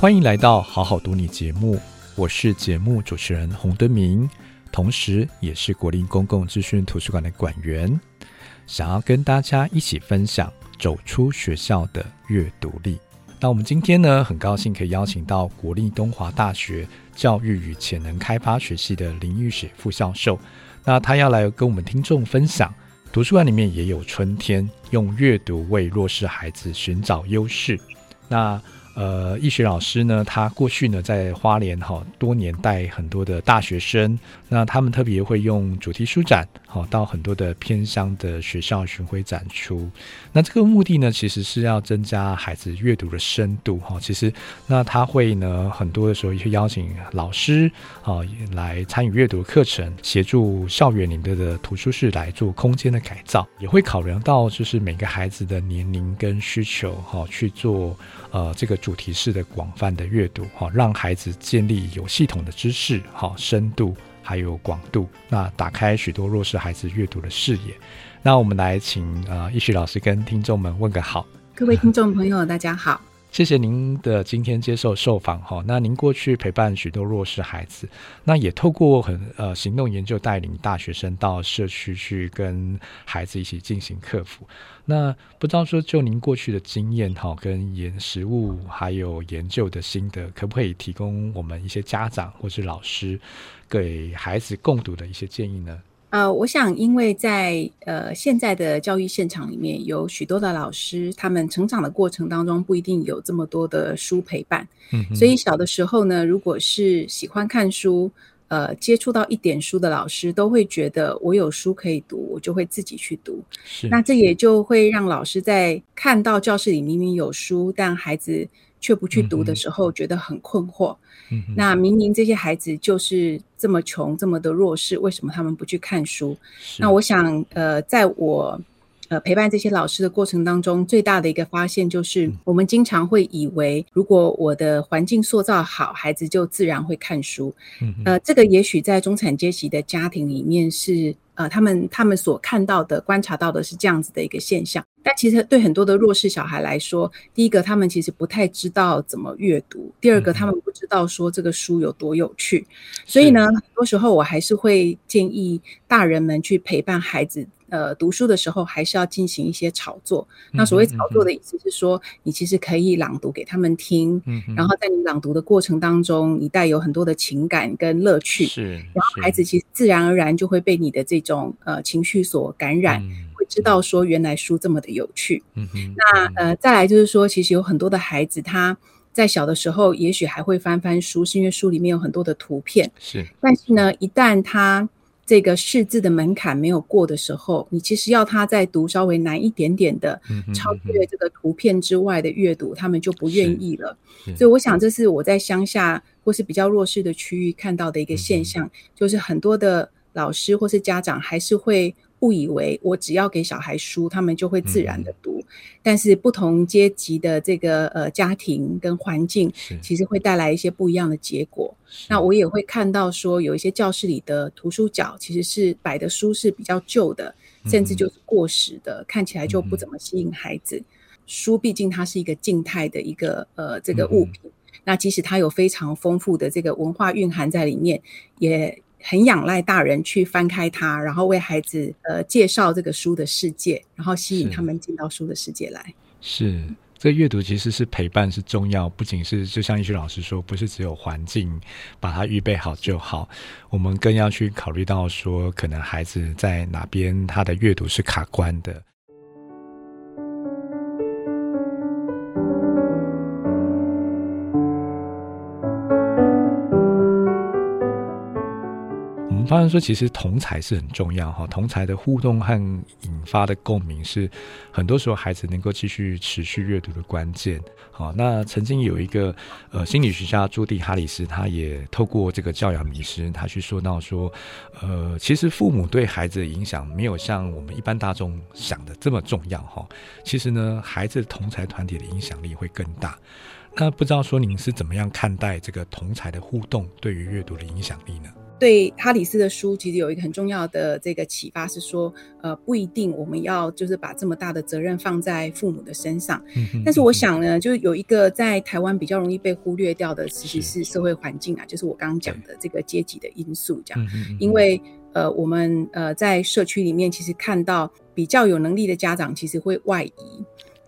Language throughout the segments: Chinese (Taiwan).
歡迎來到《好好讀你》節目，我是節目主持人洪敦明，同時也是國立公共資訊圖書館的館員，想要跟大家一起分享走出學校的閱讀力。那我們今天呢，很高興可以邀請到國立東華大學教育與潛能開發學系的林意雪副教授，那他要來跟我們聽眾分享，圖書館裡面也有春天，用閱讀為弱勢孩子尋找優勢。那呃，意雪老師呢，他過去呢在花蓮哈、哦，多年帶很多的大學生，那他們特別會用主題書展，好、哦、到很多的偏鄉的學校巡迴展出。那這個目的呢，其實是要增加孩子閱讀的深度哈、哦。其實，那他會呢，很多的時候去邀請老師啊、哦、來參與閱讀課程，協助校園裡面的、的圖書室來做空間的改造，也會考量到就是每個孩子的年齡跟需求哈、哦、去做呃這個主。主題式的廣泛的閱讀，好、哦，讓孩子建立有系統的知識，好、哦，深度還有廣度，那打開許多弱勢孩子閱讀的視野。那我們來請啊、呃，意雪老師跟聽眾們問個好。各位聽眾朋友，嗯、大家好。謝謝您的今天接受受訪哈。那您過去陪伴許多弱勢孩子，那也透過很呃行動研究帶領大學生到社區去跟孩子一起進行克服。那不知道說就您過去的經驗哈，跟研實務，還有研究的心得，可不可以提供我們一些家長或是老師給孩子共讀的一些建議呢？呃，我想，因為在呃現在的教育現場裡面，有許多的老師，他們成長的過程當中不一定有這麼多的書陪伴，嗯，所以小的時候呢，如果是喜歡看書，呃，接觸到一點書的老師，都會覺得我有書可以讀，我就會自己去讀，是，那這也就會讓老師在看到教室裡明明有書，但孩子，卻不去讀的時候，覺得很困惑。嗯。那明明這些孩子就是這麼窮，這麼的弱勢，為什麼他們不去看書？那我想，呃，在我呃陪伴這些老師的過程當中，最大的一個發現就是，嗯，我們經常會以為，如果我的環境塑造好，孩子就自然會看書。嗯。呃，這個也許在中產階級的家庭裡面是。啊、呃，他們他們所看到的、觀察到的是這樣子的一個現象，但其實對很多的弱勢小孩來說，第一個他們其實不太知道怎麼閱讀，第二個、嗯、他們不知道說這個書有多有趣，所以呢，很多時候我還是會建議大人們去陪伴孩子，呃，讀書的時候還是要進行一些炒作。那所謂炒作的意思是說，嗯、你其實可以朗讀給他們聽、嗯，然後在你朗讀的過程當中，你帶有很多的情感跟樂趣，是，然後孩子其實自然而然就會被你的這種。種呃情緒所感染、嗯，會知道說原來書這麼的有趣。嗯，嗯，那呃，再來就是說，其實有很多的孩子他在小的時候，也許還會翻翻書，是因為書裡面有很多的圖片。是。是但是呢，一旦他這個識字的門檻沒有過的時候，你其實要他再讀稍微難一點點的，超越這個圖片之外的閱讀，他們就不願意了。所以，我想這是我在鄉下或是比較弱勢的區域看到的一個現象，嗯、就是很多的。老師或是家長還是會誤以為我只要給小孩書，他們就會自然的讀。嗯嗯，但是不同階級的這個呃家庭跟環境，其實會帶來一些不一樣的結果。那我也會看到說，有一些教室裡的圖書角其實是擺的書是比較舊的嗯嗯，甚至就是過時的，看起來就不怎麼吸引孩子。嗯嗯，書畢竟它是一個靜態的一個呃這個物品嗯嗯，那即使它有非常豐富的這個文化蘊含在裡面，也。很仰賴大人去翻開它，然後為孩子呃介紹這個書的世界，然後吸引他們進到書的世界來。是，是，這閱讀其實是陪伴是重要，不僅是就像意雪老師說，不是只有環境把它預備好就好，我們更要去考慮到說，可能孩子在哪邊他的閱讀是卡關的。當然說，其實同儕是很重要哈，同儕的互動和引發的共鳴是很多時候孩子能夠繼續持續閱讀的關鍵。好，那曾經有一個呃心理學家朱蒂哈里斯，他也透過這個教養迷思，他去說到說，呃，其實父母對孩子的影響沒有像我們一般大眾想的這麼重要哈。其實呢，孩子同儕團體的影響力會更大。那不知道說您是怎麼樣看待這個同儕的互動對於閱讀的影響力呢？對，哈里斯的書，其實有一個很重要的這個啟發是說，呃，不一定我們要就是把這麼大的責任放在父母的身上。但是我想呢，就是有一個在台灣比較容易被忽略掉的，其實是社會環境啊，就是我剛剛講的這個階級的因素這樣。因為呃，我們呃在社區裡面其實看到比較有能力的家長，其實會外移。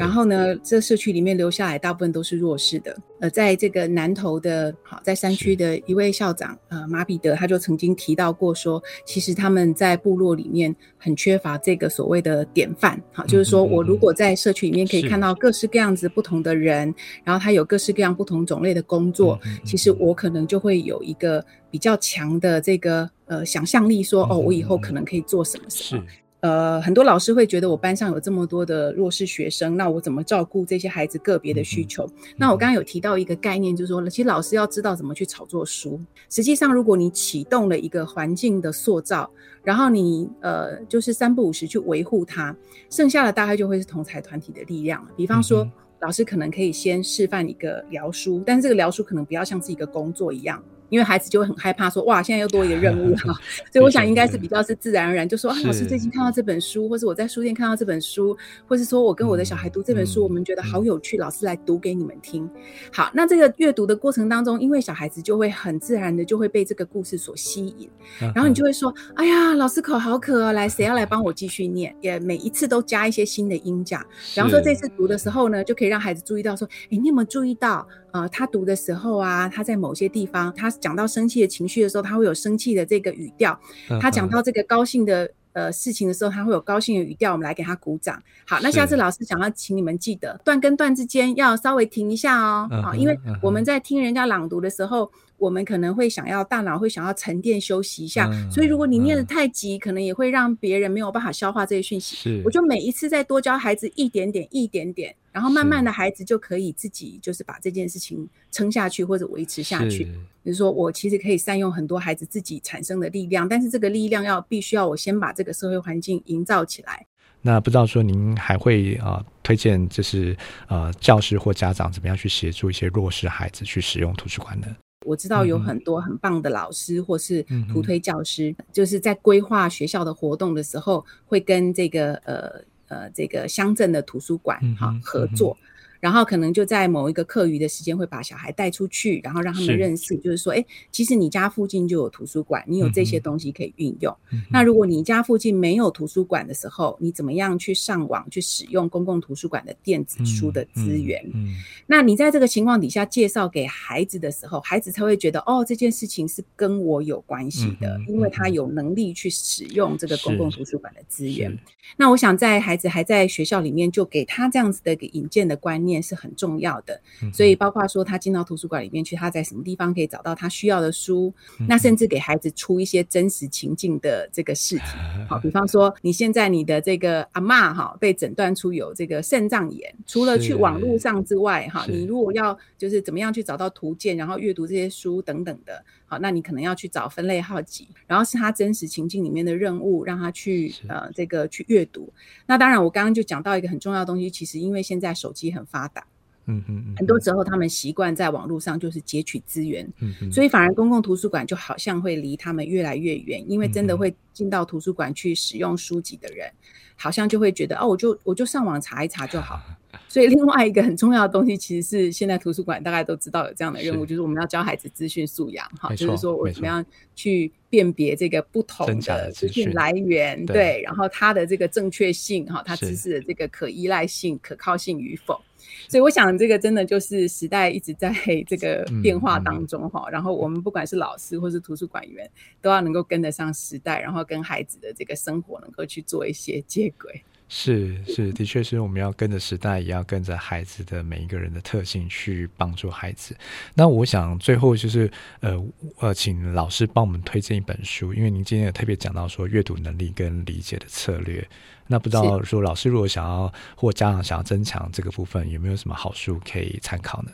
然後呢，這社區裡面留下來，大部分都是弱勢的。呃，在這個南投的，好，在山區的一位校長，呃，馬彼得，他就曾經提到過說，其實他們在部落裡面很缺乏這個所謂的典範。好，就是說我如果在社區裡面可以看到各式各樣子不同的人，然後他有各式各樣不同種類的工作、嗯，其實我可能就會有一個比較強的這個呃想象力，說，說、嗯、哦，我以後可能可以做什麼什麼。呃，很多老師會覺得我班上有這麼多的弱勢學生，那我怎麼照顧這些孩子個別的需求？嗯嗯、那我剛剛有提到一個概念，就是說，其實老師要知道怎麼去炒作書。實際上，如果你啟動了一個環境的塑造，然後你呃，就是三不五時去維護它，剩下的大概就會是同儕團體的力量了。比方說、嗯，老師可能可以先示範一個聊書，但是這個聊書可能不要像是一個工作一樣。因為孩子就會很害怕說，說哇，現在又多一個任務了哈、啊，所以我想應該是比較是自然而然，就說啊，老師最近看到這本書，或是我在書店看到這本書，或是說我跟我的小孩讀這本書，嗯、我們覺得好有趣、嗯，老師來讀給你們聽。好，那這個閱讀的過程當中，因為小孩子就會很自然的就會被這個故事所吸引，啊、然後你就會說、啊，哎呀，老師口好渴，來，誰要來幫我繼續念？也每一次都加一些新的音量，然後說這次讀的時候呢，就可以讓孩子注意到說，哎，你有沒有注意到？呃，他讀的時候啊，他在某些地方，他講到生氣的情緒的時候，他會有生氣的這個語調， 他講到這個高興的。呃，事情的時候，他會有高興的語調，我們來給他鼓掌。好，那下次老師想要請你們記得段跟段之間要稍微停一下哦。好、啊，因為我們在聽人家朗讀的時候、啊，我們可能會想要大腦會想要沉澱休息一下，啊、所以如果你念的太急、啊，可能也會讓別人沒有辦法消化這些訊息。我就每一次再多教孩子一點點、一點點，然後慢慢的孩子就可以自己就是把這件事情撐下去或者維持下去。比如說，我其實可以善用很多孩子自己產生的力量，但是這個力量要必須要我先把這個社會環境營造起來。那不知道說您還會啊、呃、推薦，就是、呃、教師或家長怎麼樣去協助一些弱勢孩子去使用圖書館呢？我知道有很多很棒的老師或是圖推教師、嗯，就是在規劃學校的活動的時候，會跟這個呃呃這個鄉鎮的圖書館哈、嗯啊、合作。嗯然後可能就在某一個課餘的時間，會把小孩帶出去，然後讓他們認識，是就是說，哎，其實你家附近就有圖書館，嗯、你有這些東西可以運用、嗯。那如果你家附近沒有圖書館的時候，你怎麼樣去上網去使用公共圖書館的電子書的資源、嗯嗯嗯？那你在這個情況底下介紹給孩子的時候，孩子才會覺得哦，這件事情是跟我有關係的、嗯，因為他有能力去使用這個公共圖書館的資源。那我想在孩子還在學校裡面，就給他這樣子的一個引薦的觀念。是很重要的，所以包括說他進到圖書館裡面去，他在什麼地方可以找到他需要的書？那甚至給孩子出一些真實情境的這個事情，好、哦，比方說你現在你的這個阿嬤哈、哦、被診斷出有這個腎臟炎，除了去網絡上之外，哈、哦，你如果要就是怎麼樣去找到圖鑑，然後閱讀這些書等等的。好，那你可能要去找分類號集，然後是他真實情境裡面的任務，讓他去呃這個去閱讀。那當然，我剛剛就講到一個很重要的東西，其實因為現在手機很發達，嗯哼嗯哼，很多時候他們習慣在網絡上就是截取資源，嗯嗯，所以反而公共圖書館就好像會離他們越來越遠，因為真的會進到圖書館去使用書籍的人，嗯、好像就會覺得哦，我就我就上網查一查就好。啊所以另外一個很重要的東西，其實是現在圖書館大概都知道有這樣的任務，是就是我們要教孩子資訊素養，哈，就是說我怎麼樣去辨別這個不同的資訊來源，對，然後它的這個正確性，哈，它知識的這個可依賴性、可靠性與否。所以我想這個真的就是時代一直在這個變化當中，哈、嗯嗯，然後我們不管是老師或是圖書館員，都要能夠跟得上時代，然後跟孩子的這個生活能夠去做一些接軌。是是，的確是我們要跟着時代，也要跟着孩子的每一個人的特性去幫助孩子。那我想最後就是呃呃，請老師幫我們推薦一本書，因為您今天有特別講到說閱讀能力跟理解的策略。那不知道說老師如果想要或家長想要增強這個部分，有沒有什麼好書可以參考呢？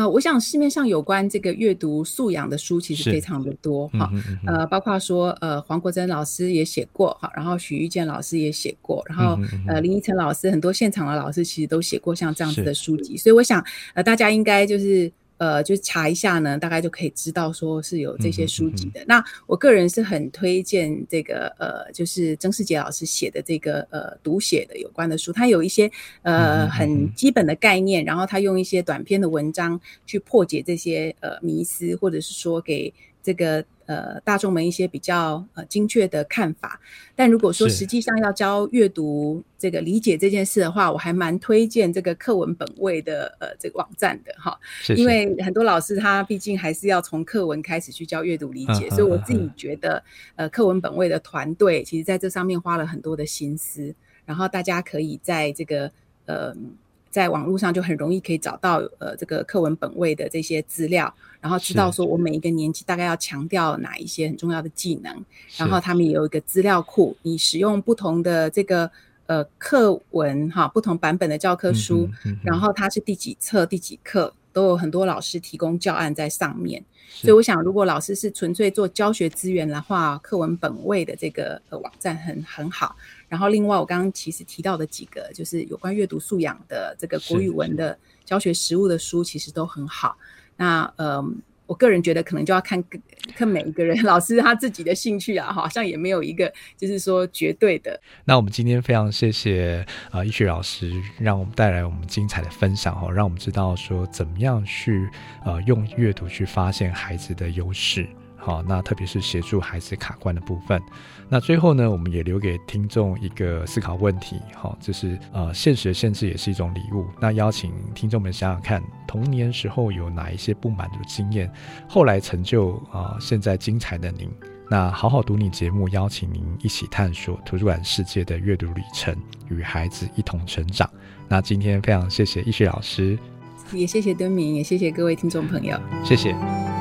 啊、呃，我想市面上有關這個閱讀素養的書其實非常的多哈、嗯嗯，呃，包括說呃黃國珍老師也寫過哈，然後許育健老師也寫過，然後呃林意雪老師，嗯哼嗯哼、呃、老師很多現場的老師其實都寫過像這樣子的書籍，所以我想呃大家應該就是。呃，就查一下呢，大概就可以知道說是有這些書籍的。嗯、哼哼那我個人是很推薦這個呃，就是曾世杰老師寫的這個呃讀寫的有關的書，他有一些呃、嗯、哼哼很基本的概念，然後他用一些短篇的文章去破解這些呃迷思，或者是說給這個。呃，大眾們一些比較呃精確的看法，但如果說實際上要教閱讀這個理解這件事的話，我還蠻推薦這個課文本位的呃這個網站的哈，因為很多老師他畢竟還是要從課文開始去教閱讀理解，啊哈哈哈哈，所以我自己覺得呃課文本位的團隊其實在這上面花了很多的心思，然後大家可以在這個呃。在網絡上就很容易可以找到呃這個課文本位的這些資料，然後知道說我每一個年級大概要強調哪一些很重要的技能，然後他們也有一個資料庫，你使用不同的這個呃課文哈，不同版本的教科書，嗯，然後它是第幾冊第幾課。都有很多老師提供教案在上面，所以我想，如果老師是純粹做教學資源的話，課文本位的這個、呃、網站很很好。然後，另外我剛剛其實提到的幾個，就是有關閱讀素養的這個國語文的教學實務的書，其實都很好。是是那嗯。呃我個人覺得，可能就要看看每一個人老師他自己的興趣啊，好像也沒有一個就是說絕對的。那我們今天非常謝謝啊、呃，意雪老師讓我們帶來我們精彩的分享哦，讓我們知道說怎麼樣去呃用閱讀去發現孩子的優勢。好、哦，那特別是協助孩子卡關的部分。那最後呢，我們也留給聽眾一個思考問題。好、哦，這、就是呃，現實的限制也是一種禮物。那邀請聽眾們想想看，童年時候有哪一些不滿的經驗，後來成就啊、呃，現在精彩的您。那好好讀你節目，邀請您一起探索圖書館世界的閱讀旅程，與孩子一同成長。那今天非常謝謝意雪老師，也謝謝敦明，也謝謝各位聽眾朋友，謝謝。